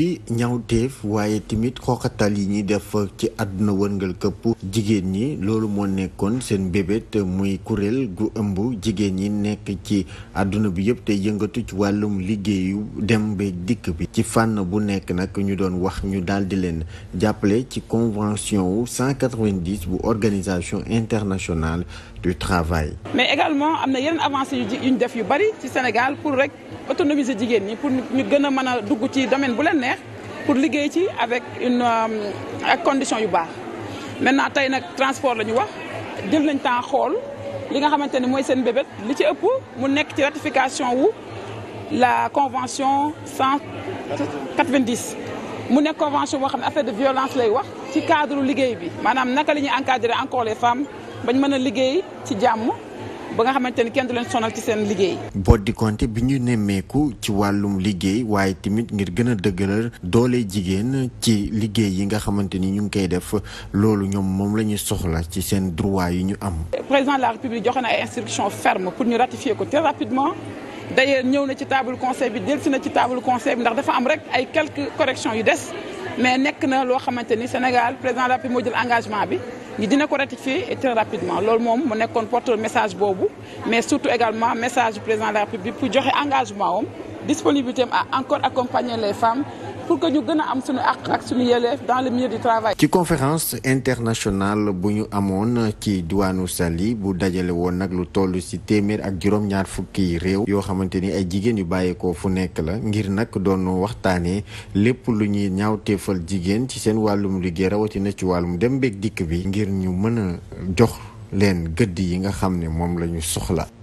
fi ñawteef waaye tamit xooxatal yi ñuy def ci àdduna wërngal këpp jigéen ñi loolu moo nekkoon seen bébét muy kureel gu ëmb jigéen ñi nekk ci àdduna bi yépp te yëngatu ci wàllum liggéeyu dem ba dikk bi ci fànn bu nekk nag ñu doon wax ñu daal di leen jàppale ci convention wu 190 bu organisation internationale du travail. mais également am na yeneen avancées yu ñu def yu bari ci Sénégal pour rek autonomiser jigéen ñi pour ñu gën a dugg ci domaine bu neex pour liggéey ci avec une euh, ak condition yu baax maintenant tey nag transport la ñu wax jël nañ temps xool li nga xamante ne mooy seen bébét li ci ëpp mu nekk ci ratification wu la convention 190 mu nekk convention boo xam ne affaire de violence lay wax ci cadre liggéey bi maanaam naka la ñuy encadrer encore les femmes bañ mën a liggéey ci jàmm ba nga xamante ni kenn du leen sonal ci seen liggéey. boddi bi ñu nemmeeku ci wàllum liggéey waaye tamit ngir gën a dëggalal doole jigéen ci liggéey yi nga xamante ni ñu ngi koy def loolu ñoom moom la soxla ci seen droit yu ñu am. président de la république joxe na ay instructions fermes pour ñu ratifier ko très rapidement. d'ailleurs ñëw na ci table conseil bi delsi na ci table conseil bi ndax dafa am rek ay quelques corrections yu des mais nekk na loo xamante ni Sénégal bi. ñi dina ko ratifier très rapidement loolu moom mu nekkoon porteur message boobu mais surtout également message du président de la République pour joxe engagement am disponibilité am encore accompagner les femmes ci conférence internationale bu ñu amoon ci diwaanu Saly bu dajale woon nag lu toll ci téeméer ak juróom-ñaar fukki réew yoo xamante ni ay jigéen yu bàyyeekoo fu nekk la ngir nag doon waxtaanee lépp lu ñuy ñaawteefal jigéen ci seen wàllum liggéey rawatina ci wàllum dem beeg dikk bi ngir ñu mëna jox leen gëdd yi nga xam ni moom la ñu soxla.